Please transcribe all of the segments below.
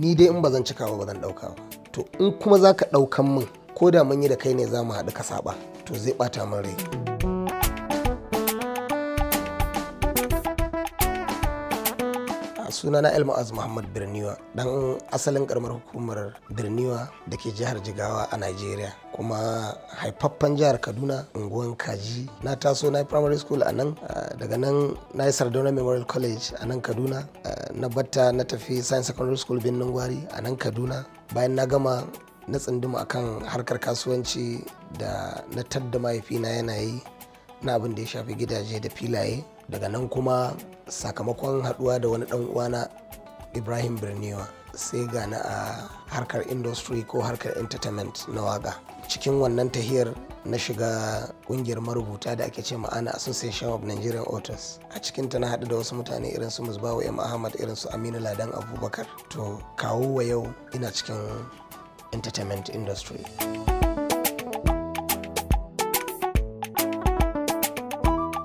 ni dai in ba zan cika ba zan ɗauka ba to in kuma za ka ɗaukan min ko da mun yi da kai ne za mu haɗu ka saba to zai ɓata min rai sunana el muhammad birniwa dan asalin karamar hukumar birniwa da ke jihar jigawa a nigeria kuma haifaffen jihar kaduna unguwan kaji na taso na primary school a nan daga nan na yi sardauna memorial college a nan kaduna na batta na tafi science secondary school birnin gwari a nan kaduna bayan na gama na a akan harkar kasuwanci da na tadda mahaifina yana yi na abin da ya shafi gidaje da filaye daga nan kuma sakamakon haɗuwa da wani ɗan uwana ibrahim birniwa sai gana a harkar industry ko harkar entertainment na waga cikin wannan tahiyar na shiga kungiyar marubuta da ake ce ma'ana association of nigerian authors a cikin ta na haɗu da wasu mutane irin su musbawa m ahmad irin su aminu ladan abubakar to kawo wa yau ina cikin entertainment industry.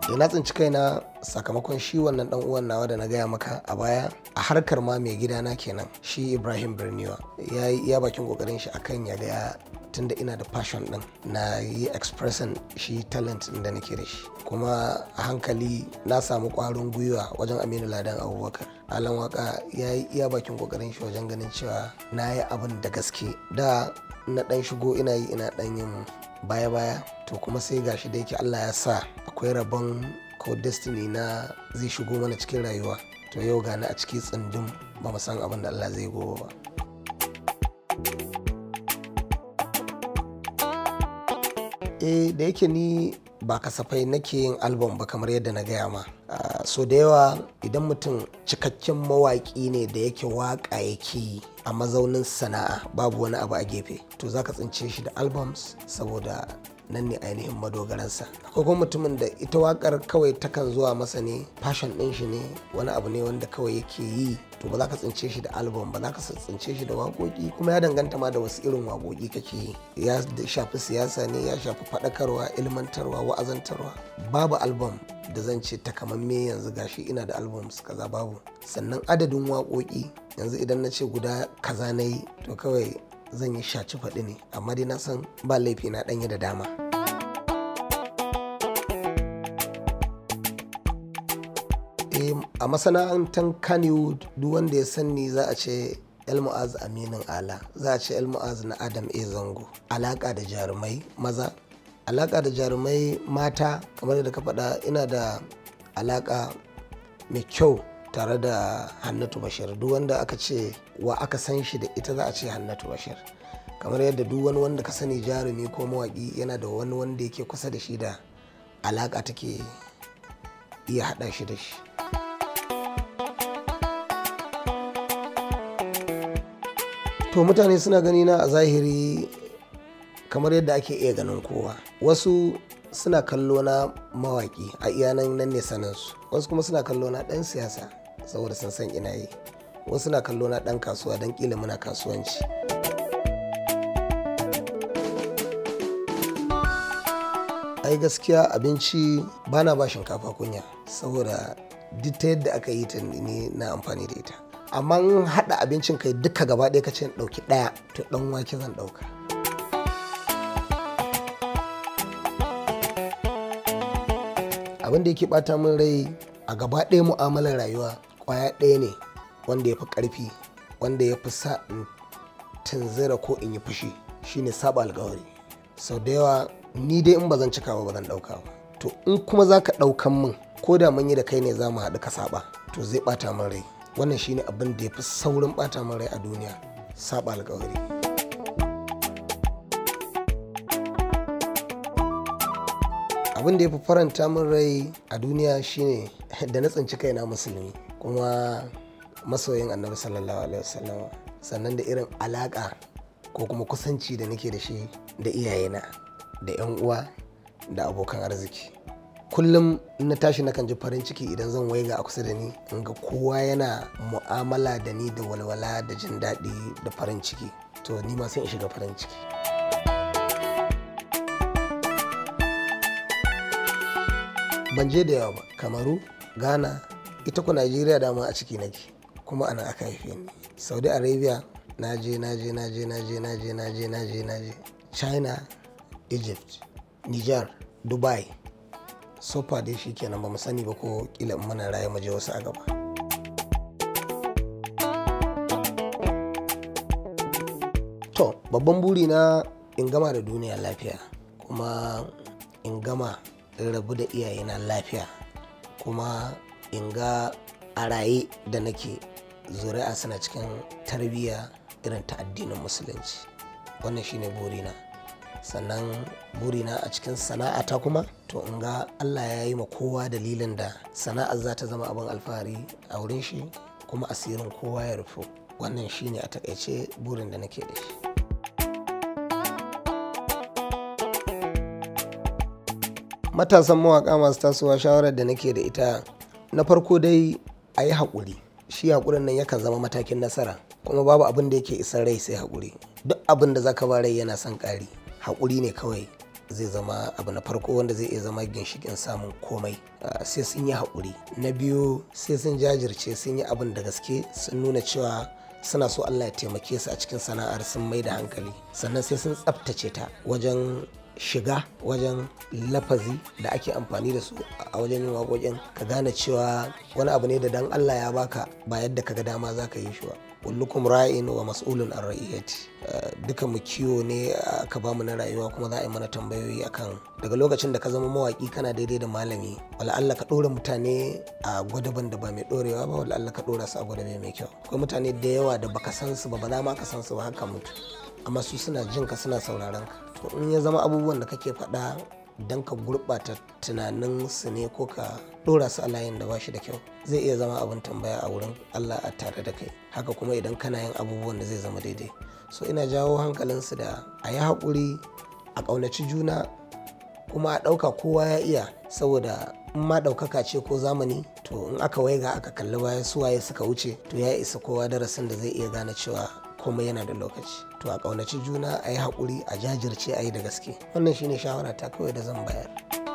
to eh, na tsinci kaina sakamakon shi wannan dan uwan nawa da na gaya maka a baya a harkar ma mai gidana kenan shi ibrahim birniwa ya yi iya bakin kokarin shi akan ya ga tunda ina da passion din na yi expressing shi talent din da nake da shi kuma a hankali na samu kwarin gwiwa wajen aminu ladan abubakar alan waka ya yi iya bakin kokarin shi wajen ganin cewa na yi abin da gaske da na dan shigo ina yi ina dan yin baya-baya to kuma sai gashi da yake allah ya sa akwai rabon ko destiny na zai shigo mana cikin rayuwa to yau gani a ciki tsindin ba mu san abin da allah zai gobe ba e da yake ni ba kasafai nake yin album ba kamar yadda na gaya ma ah, so da yawa idan mutum cikakken mawaƙi ne da yake waƙa yake yi a mazaunin sana'a babu wani abu a gefe to za ka tsince shi da albums saboda nan ne ainihin madogaransa akwai kuma mutumin da ita wakar kawai takan zuwa masa ne fashion ɗin shi ne wani abu ne wanda kawai yake yi to ba za ka tsince shi da album ba za ka tsince shi da waƙoƙi kuma ya danganta ma da wasu irin waƙoƙi kake yi ya shafi siyasa ne ya shafi faɗakarwa ilmantarwa wa'azantarwa babu album da zan ce takamamme yanzu gashi ina da albums kaza babu sannan adadin waƙoƙi yanzu idan na ce guda kaza na yi to kawai zan yi shaci faɗi ne amma dai na san ba laifi na ɗanye da dama eh, a masana'antar kannywood duk wanda ya sanni za a ce elmu'az aminin ala za a ce elmu'az na adam a zango alaka da jarumai maza alaƙa da jarumai mata kamar da ka faɗa ina da alaƙa mai kyau tare da hannatu bashir duk wanda aka ce wa aka san shi da ita za a ce hannatu bashir kamar yadda duk wani wanda ka sani jarumi ko mawaƙi yana da wani wanda yake kusa da shi da alaƙa take iya haɗa shi da shi to mutane suna gani na a zahiri kamar yadda ake iya ganin kowa wasu suna kallo na mawaƙi a iyanan nan ne sanansu wasu kuma suna kallo na ɗan siyasa saboda sun san ina yi wasu na kallo na ɗan kasuwa don kila muna kasuwanci ai gaskiya abinci ba na ba shinkafa kunya saboda duk ta yadda aka yi ta ne na amfani da ita amma in haɗa abincin kai duka gaba ɗaya ka ce ɗauki ɗaya to ɗan wake zan ɗauka abin da yake bata min rai a gaba ɗaya mu'amalar rayuwa ƙwaya ɗaya ne wanda ya fi ƙarfi wanda ya fi sa in tanzira ko in yi fushi shine saba alkawari sau da yawa ni dai in ba zan cika ba zan ɗauka ba to in kuma za ka ɗaukan min ko da mun yi da kai ne za mu haɗu ka saba to zai ɓata min rai wannan shine abin da ya fi saurin ɓata min rai a duniya saba alkawari abin da ya fi faranta min rai a duniya shine da na tsinci kaina musulmi kuma masoyin annabi sallallahu alaihi wasallam sannan da irin alaka ko kuma kusanci da nake da shi da iyayena da 'yan uwa da abokan arziki kullum na tashi nakan ji farin ciki idan zan waiga a kusa da ni in ga kowa yana mu'amala da ni da walwala da jin daɗi da farin ciki to ni ma sai in shiga farin ciki. ban je da yawa ba kamaru ghana ita ku najeriya dama a ciki nake kuma ana aka haife ni saudi arabia na je na je na je na je na je na je na je china egypt niger dubai far dai shi kenan ba mu sani ba ko kila in muna raye mu je wasu a gaba to babban buri na in gama da duniya lafiya kuma in gama in rabu da iyayena lafiya kuma in ga a raye da nake zuri'a suna cikin tarbiyya irin ta addinin musulunci wannan shine burina sannan burina a cikin sana'ata kuma to in ga allah ya yi ma kowa dalilin da sana'a za ta zama abin alfahari a wurin shi kuma asirin kowa ya rufu wannan shine a takaice burin da nake da shi matasan mawaka masu tasowa shawarar da nake da ita na farko dai a yi haƙuri shi haƙurin nan yakan zama matakin nasara kuma babu abin da yake isan rai sai haƙuri duk abin da zaka ba rai yana son ƙari haƙuri ne kawai zai zama abu na farko wanda zai iya zama ginshikin samun komai ah, sai sun yi haƙuri na biyu sai sun jajirce sun yi abin da gaske sun nuna cewa suna so Allah ya taimake su a cikin sana'ar sun mai da hankali sannan sai sun tsabtace ta wajen shiga wajen lafazi da ake amfani da su a wajen yin waƙoƙin ka gane cewa wani abu ne da dan Allah ya baka ba yadda ka ga dama za ka yi shi ba kullukum ra'in wa mas'ulun an eh, duka mu kiwo ne eh, aka bamu na rayuwa kuma za a yi mana tambayoyi akan daga lokacin da ka zama mawaki kana daidai da malami wala Allah ka dora mutane a gwadaban da ba mai dorewa ba wala Allah ka dora su a gwadabe mai kyau akwai mutane da yawa da baka san su ba ba za ma ka san su ba haka mutu amma su suna jin ka suna sauraron ka to in ya zama abubuwan da kake faɗa don ka gurɓata tunanin su ne ko ka ɗora su a layin da ba shi da kyau zai iya zama abin tambaya a wurin Allah a tare da kai haka kuma idan kana yin abubuwan da zai zama daidai so ina jawo hankalinsu da a yi haƙuri a ƙaunaci juna kuma a ɗauka kowa ya iya saboda in ma ɗaukaka ce ko zamani to in aka waiga aka kalli baya suwaye suka wuce to ya isa kowa darasin da zai iya gane cewa komai yana da lokaci to a ƙaunaci juna a yi haƙuri a jajirce a yi da gaske wannan shine shawara ta kawai da zan bayar.